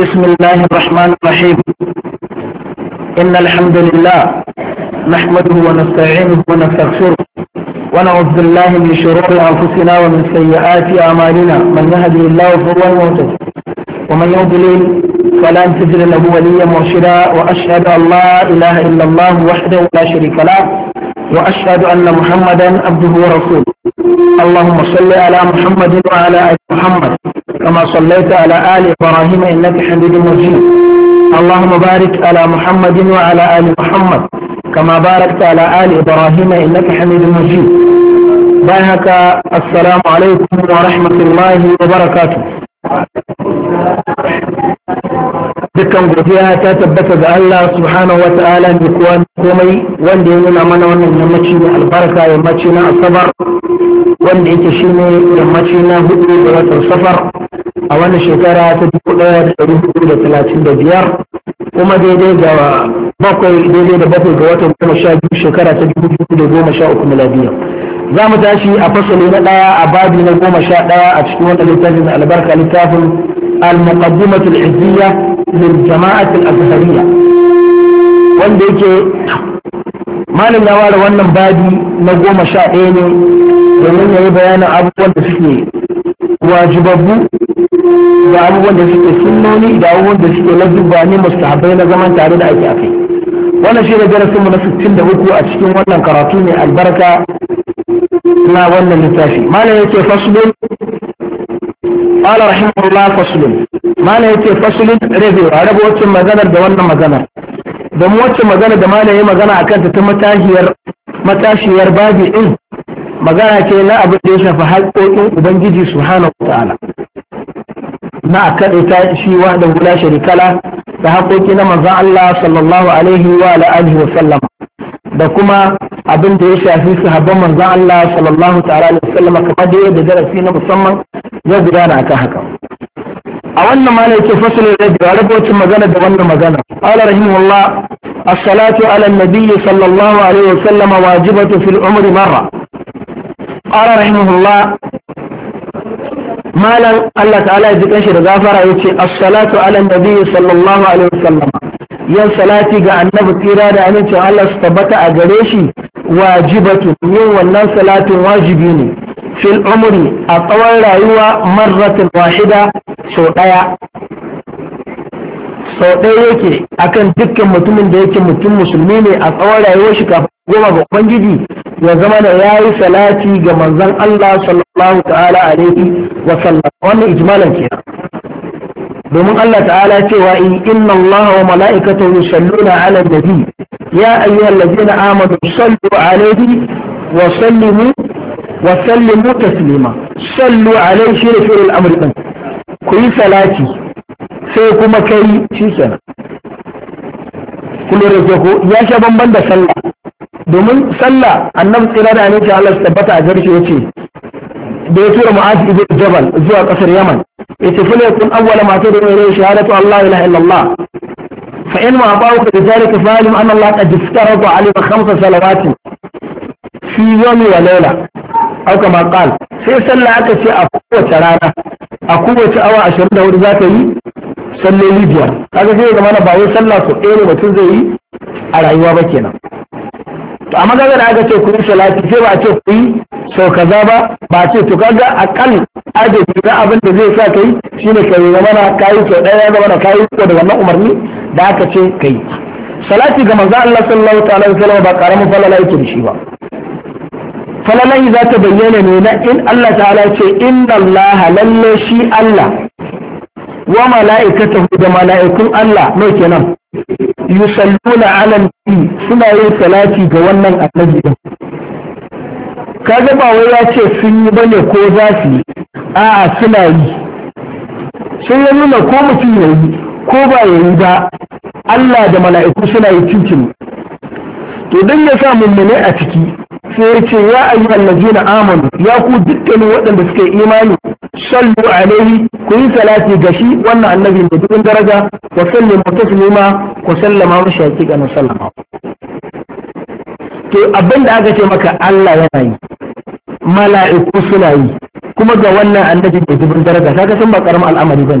بسم الله الرحمن الرحيم إن الحمد لله نحمده ونستعينه ونستغفره ونعوذ بالله من شرور أنفسنا ومن سيئات أعمالنا من يهدي الله فهو المهتد ومن يضلل فلا تجد له وليا مرشدا وأشهد أن لا إله إلا الله وحده لا شريك له وأشهد أن محمدا عبده ورسوله اللهم صل على محمد وعلى آل محمد كما صليت على آل إبراهيم إنك حميد مجيد اللهم بارك على محمد وعلى آل محمد كما باركت على آل إبراهيم إنك حميد مجيد بارك السلام عليكم ورحمة الله وبركاته dukkan godiya ta tabbata ga Allah subhanahu wa ta'ala mai kowa komai wanda ya nuna mana wannan yammaci mai albarka yammaci na asabar wanda yake shine yammaci na hudu da watan safar a wannan shekara ta dubu ɗaya da dari hudu da talatin da biyar kuma daidai ga bakwai daidai da bakwai ga watan goma sha biyu shekara ta dubu biyu da goma sha uku miladiya za mu tashi a fasali na ɗaya a babi na goma sha ɗaya a cikin wannan littafin albarka littafin al-muqaddimatu al-izziya lil jama'at al-azhariyya wanda yake malam ya ware wannan babi na goma sha ɗaya ne domin ya yi bayanin abubuwan da suke wajibabbu da abubuwan da suke sunnoni da abubuwan da suke na duba ne mustahabai na zaman tare da ake akai wannan shi ne darasinmu na 63 a cikin wannan karatu ne albarka na wannan littafi malam yake faslun قال rahimahullah الله فصل yake لا rabi. Wa rabu wacce magana da wannan magana da mu wacce magana da malam ya magana akan ta ta matashiyar matashiyar babi din magana ce na abin da ya shafi haƙoƙin ubangiji subhanahu ta'ala. na a kaɗaita shi wanda hula sharikala da haƙoƙi na manzan Allah sallallahu alaihi wa alihi sallam da kuma abin da ya shafi sahabban manzan Allah sallallahu ta'ala alaihi wa sallam kamar da yadda darasi na musamman ya gudana akan haka a wannan ma ne ke fasalin rabi a rabocin magana da wannan magana ala rahimullah as-salatu ala an-nabiy sallallahu alaihi wa sallam wajibatu fil umri marra Ala رحمه الله malam Allah ta'ala ya ji kanshi da gafara ya as-salatu ala nabi sallallahu alaihi wasallam yan salati ga annabi tsira da amincin Allah su tabbata a gare shi wajibatu yin wannan salatin wajibi ne fil umri a tsawon rayuwa marratin wahida sau daya sau ɗaya yake akan dukkan mutumin da yake mutum musulmi ne a tsawon rayuwar shi kafin goma ga ubangiji ya zama da ya yi salati ga manzon Allah sallallahu ta'ala alaihi wa sallam wannan ijmalan kenan domin Allah ta'ala cewa in inna Allah wa mala'ikata, mala'ikatahu yusalluna 'ala nabi ya ayyuhallazina amanu sallu 'alaihi wa sallimu wa sallimu taslima sallu 'alaihi shi ne fi'il amr din ku yi salati sai kuma kai shi kenan kullu rajako ya sha bamban da sallah domin sallah annabi tsira da ta Allah tabbata a garshi yace da ya tura mu'az ibn jabal zuwa kasar yaman yace fa yakun awwala ma tad'u ne shahadatu allah ilaha illallah fa in ma ba'u ka dalika fa alim anna allah qad istarada alayhi khamsa salawati fi yawmi wa layla aw kama qal sai sallah aka ce a kowace rana a kowace awa 24 za ta yi salloli biyar kaga sai ya zama ba wai sallah ko ɗaya ne mutum zai yi a rayuwa ba kenan to amma kaga da aka ce ku yi salati sai ba a ce ku yi sau kaza ba ba a ce to kaga akal adadi na abin da zai sa kai shine kai yi mana kayi sau ɗaya ya na kayi ko da wannan umarni da aka ce kai salati ga manzo Allah sallallahu ta'ala alaihi wasallam ba karamin falala yake da shi ba falalai za ta bayyana ne na in Allah ta'ala ce inna Allah lalle shi Allah wa mala'ikatahu da mala'ikun Allah mai kenan yusalluna ala nabi suna yin salati ga wannan annabi din kaga ba wai ya ce sun yi bane ko za su yi a'a suna yi sun yi nuna ko mutum ya yi ko ba ya yi ba Allah da mala'iku suna yi cincin to don ya sa mummune a ciki sai ya ce ya ayi na amanu ya ku dukkanin waɗanda suka yi imani sallu alaihi ku yi salati ga shi wannan annabi da dukkan daraja wa sallu taslima ku sallama mishi hakikanin sallama to abin da aka ce maka Allah yana yi mala'iku suna yi kuma ga wannan annabi da zubin daraja kaga sun ba karamin al'amari bane